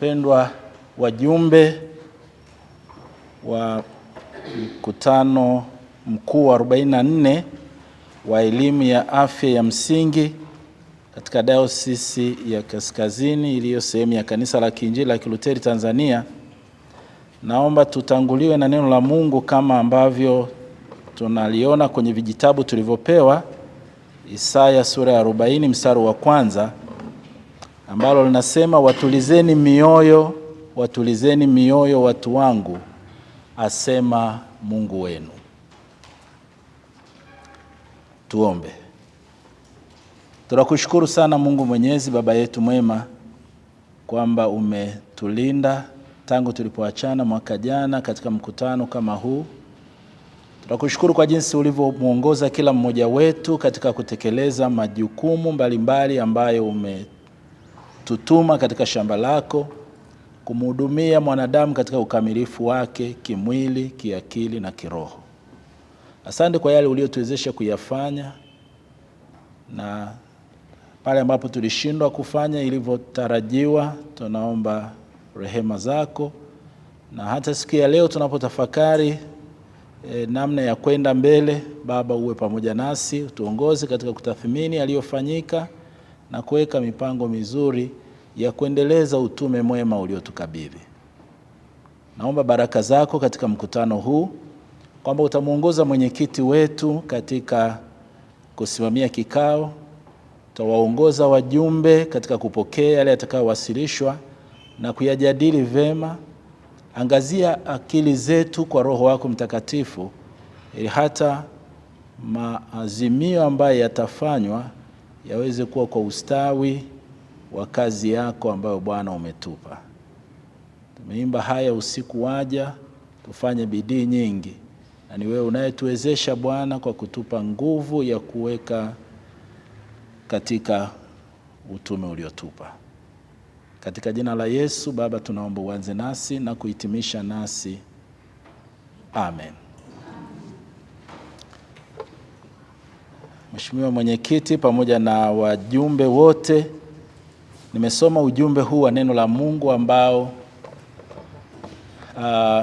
wapendwa wajumbe wa mkutano mkuu wa 44 wa elimu ya afya ya msingi katika dayosisi ya Kaskazini iliyo sehemu ya Kanisa la Kiinjili la Kiluteri Tanzania, naomba tutanguliwe na neno la Mungu kama ambavyo tunaliona kwenye vijitabu tulivyopewa, Isaya sura ya 40 mstari wa kwanza ambalo linasema watulizeni mioyo, watulizeni mioyo watu wangu, asema Mungu wenu. Tuombe. Tunakushukuru sana Mungu Mwenyezi, Baba yetu mwema, kwamba umetulinda tangu tulipoachana mwaka jana katika mkutano kama huu. Tunakushukuru kwa jinsi ulivyomwongoza kila mmoja wetu katika kutekeleza majukumu mbalimbali mbali ambayo ume kututuma katika shamba lako kumhudumia mwanadamu katika ukamilifu wake kimwili, kiakili na kiroho. Asante kwa yale uliotuwezesha kuyafanya na pale ambapo tulishindwa kufanya ilivyotarajiwa, tunaomba rehema zako, na hata siku ya leo tunapotafakari e, namna ya kwenda mbele, Baba uwe pamoja nasi, tuongoze katika kutathmini yaliyofanyika na kuweka mipango mizuri ya kuendeleza utume mwema uliotukabidhi. Naomba baraka zako katika mkutano huu kwamba utamwongoza mwenyekiti wetu katika kusimamia kikao, utawaongoza wajumbe katika kupokea yale yatakayowasilishwa na kuyajadili vema. Angazia akili zetu kwa Roho wako Mtakatifu ili hata maazimio ambayo yatafanywa yaweze kuwa kwa ustawi wa kazi yako ambayo Bwana umetupa. Tumeimba haya usiku waja, tufanye bidii nyingi, na ni wewe unayetuwezesha Bwana kwa kutupa nguvu ya kuweka katika utume uliotupa. Katika jina la Yesu Baba tunaomba uanze nasi na kuhitimisha nasi, amen. Mheshimiwa Mwenyekiti pamoja na wajumbe wote, nimesoma ujumbe huu wa neno la Mungu ambao uh,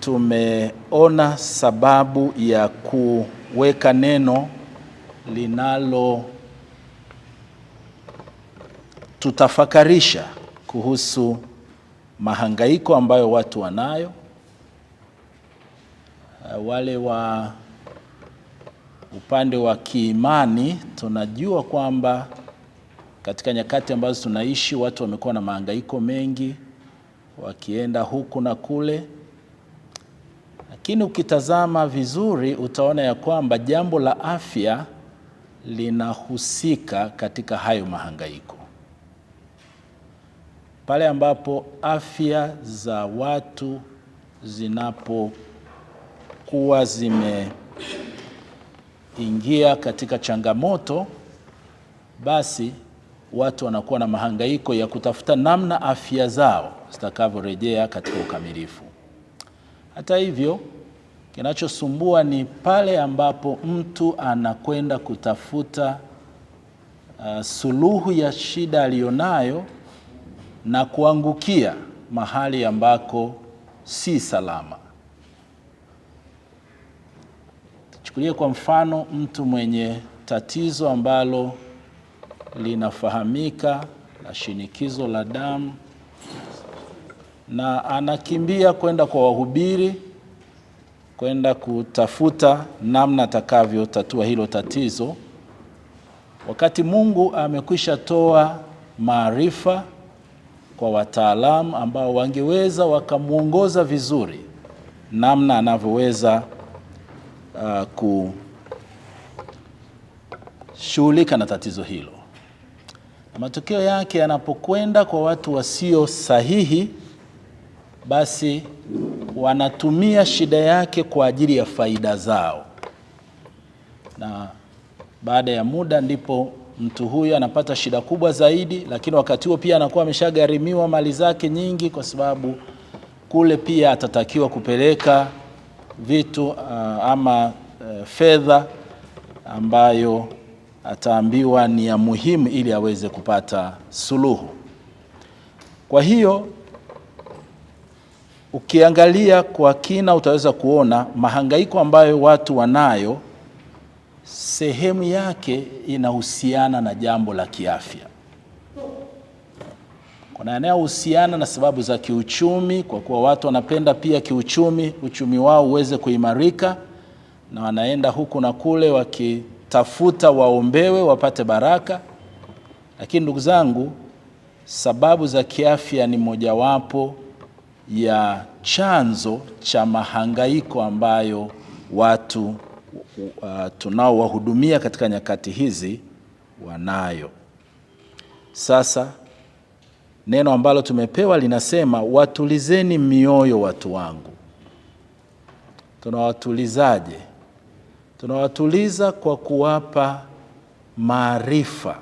tumeona sababu ya kuweka neno linalo tutafakarisha kuhusu mahangaiko ambayo watu wanayo, uh, wale wa upande wa kiimani tunajua kwamba katika nyakati ambazo tunaishi watu wamekuwa na mahangaiko mengi, wakienda huku na kule, lakini ukitazama vizuri utaona ya kwamba jambo la afya linahusika katika hayo mahangaiko. Pale ambapo afya za watu zinapokuwa zime ingia katika changamoto, basi watu wanakuwa na mahangaiko ya kutafuta namna afya zao zitakavyorejea katika ukamilifu. Hata hivyo, kinachosumbua ni pale ambapo mtu anakwenda kutafuta uh, suluhu ya shida aliyonayo na kuangukia mahali ambako si salama. Chukulie kwa mfano mtu mwenye tatizo ambalo linafahamika la shinikizo la damu, na anakimbia kwenda kwa wahubiri, kwenda kutafuta namna atakavyotatua hilo tatizo, wakati Mungu amekwisha toa maarifa kwa wataalamu ambao wangeweza wakamwongoza vizuri namna anavyoweza uh, kushughulika na tatizo hilo. Matokeo yake yanapokwenda kwa watu wasio sahihi, basi wanatumia shida yake kwa ajili ya faida zao, na baada ya muda ndipo mtu huyu anapata shida kubwa zaidi, lakini wakati huo pia anakuwa ameshagharimiwa mali zake nyingi, kwa sababu kule pia atatakiwa kupeleka vitu uh, ama uh, fedha ambayo ataambiwa ni ya muhimu ili aweze kupata suluhu. Kwa hiyo ukiangalia kwa kina utaweza kuona mahangaiko ambayo watu wanayo, sehemu yake inahusiana na jambo la kiafya. Kuna yanayohusiana na sababu za kiuchumi, kwa kuwa watu wanapenda pia kiuchumi, uchumi wao uweze kuimarika, na wanaenda huku na kule wakitafuta waombewe wapate baraka. Lakini ndugu zangu, sababu za kiafya ni mojawapo ya chanzo cha mahangaiko ambayo watu uh, tunaowahudumia katika nyakati hizi wanayo. Sasa neno ambalo tumepewa linasema watulizeni mioyo watu wangu. Tunawatulizaje? Tunawatuliza kwa kuwapa maarifa,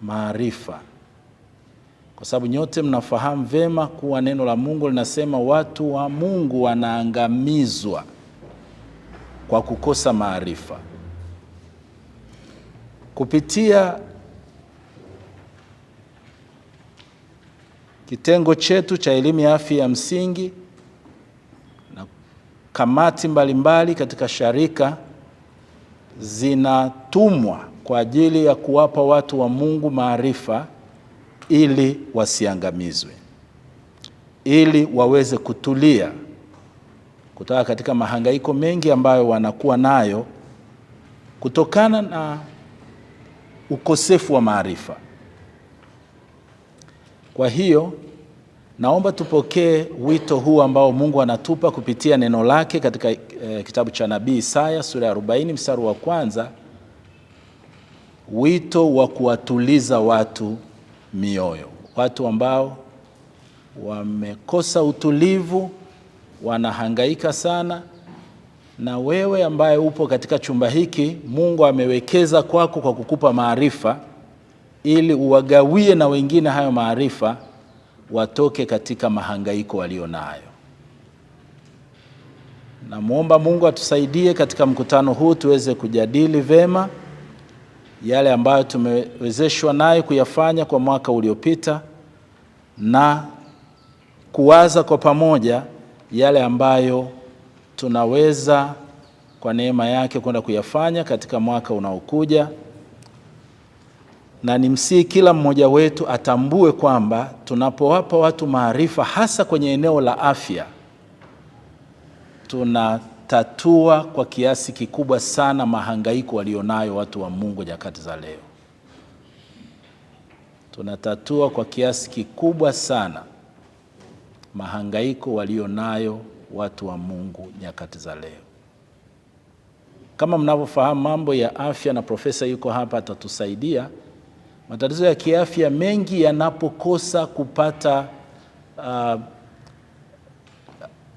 maarifa, kwa sababu nyote mnafahamu vema kuwa neno la Mungu linasema watu wa Mungu wanaangamizwa kwa kukosa maarifa. Kupitia kitengo chetu cha elimu ya afya ya msingi na kamati mbalimbali mbali katika sharika zinatumwa kwa ajili ya kuwapa watu wa Mungu maarifa ili wasiangamizwe, ili waweze kutulia kutoka katika mahangaiko mengi ambayo wanakuwa nayo kutokana na ukosefu wa maarifa. Kwa hiyo naomba tupokee wito huu ambao Mungu anatupa kupitia neno lake katika eh, kitabu cha nabii Isaya sura ya 40 mstari wa kwanza, wito wa kuwatuliza watu mioyo, watu ambao wamekosa utulivu, wanahangaika sana. Na wewe ambaye upo katika chumba hiki, Mungu amewekeza kwako kwa kukupa maarifa ili uwagawie na wengine hayo maarifa, watoke katika mahangaiko walio nayo. Namwomba Mungu atusaidie katika mkutano huu tuweze kujadili vema yale ambayo tumewezeshwa naye kuyafanya kwa mwaka uliopita na kuwaza kwa pamoja yale ambayo tunaweza kwa neema yake kwenda kuyafanya katika mwaka unaokuja na msii kila mmoja wetu atambue kwamba tunapowapa watu maarifa, hasa kwenye eneo la afya, tunatatua kwa kiasi kikubwa sana mahangaiko walionayo watu wa Mungu nyakati za leo. Tunatatua kwa kiasi kikubwa sana mahangaiko walionayo watu wa Mungu nyakati za leo. Kama mnavyofahamu mambo ya afya, na profesa yuko hapa, atatusaidia. Matatizo ya kiafya mengi yanapokosa kupata uh,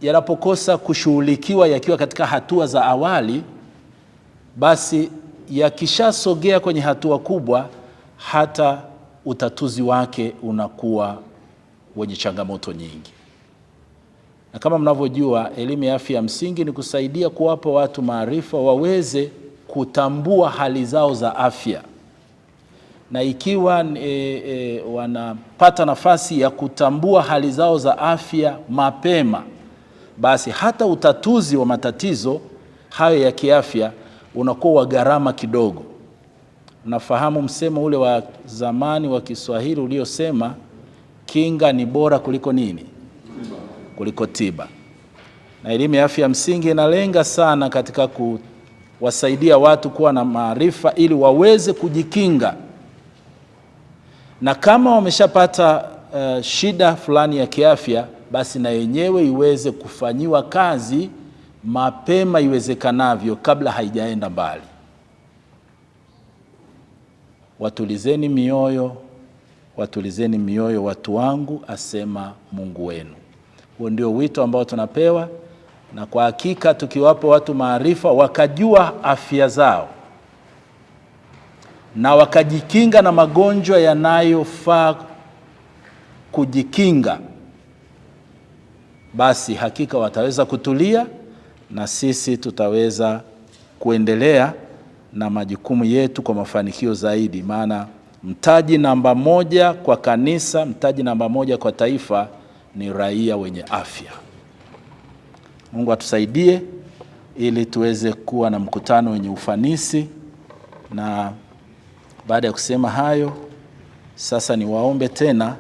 yanapokosa kushughulikiwa yakiwa katika hatua za awali, basi yakishasogea kwenye hatua kubwa, hata utatuzi wake unakuwa wenye changamoto nyingi. Na kama mnavyojua, elimu ya afya ya msingi ni kusaidia kuwapa watu maarifa waweze kutambua hali zao za afya na ikiwa e, e, wanapata nafasi ya kutambua hali zao za afya mapema, basi hata utatuzi wa matatizo hayo ya kiafya unakuwa wa gharama kidogo. Nafahamu msemo ule wa zamani wa Kiswahili uliosema kinga ni bora kuliko nini? Kuliko tiba. Na elimu ya afya ya msingi inalenga sana katika kuwasaidia watu kuwa na maarifa ili waweze kujikinga na kama wameshapata uh, shida fulani ya kiafya, basi na yenyewe iweze kufanyiwa kazi mapema iwezekanavyo kabla haijaenda mbali. Watulizeni mioyo, watulizeni mioyo watu wangu, asema Mungu wenu. Huo ndio wito ambao tunapewa, na kwa hakika tukiwapo watu maarifa wakajua afya zao na wakajikinga na magonjwa yanayofaa kujikinga, basi hakika wataweza kutulia na sisi tutaweza kuendelea na majukumu yetu kwa mafanikio zaidi. Maana mtaji namba moja kwa kanisa, mtaji namba moja kwa taifa ni raia wenye afya. Mungu atusaidie ili tuweze kuwa na mkutano wenye ufanisi na baada ya kusema hayo, sasa niwaombe tena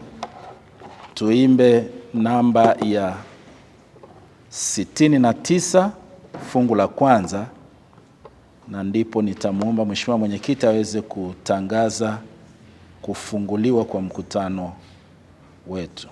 tuimbe namba ya sitini na tisa fungu la kwanza, na ndipo nitamwomba mheshimiwa mwenyekiti aweze kutangaza kufunguliwa kwa mkutano wetu.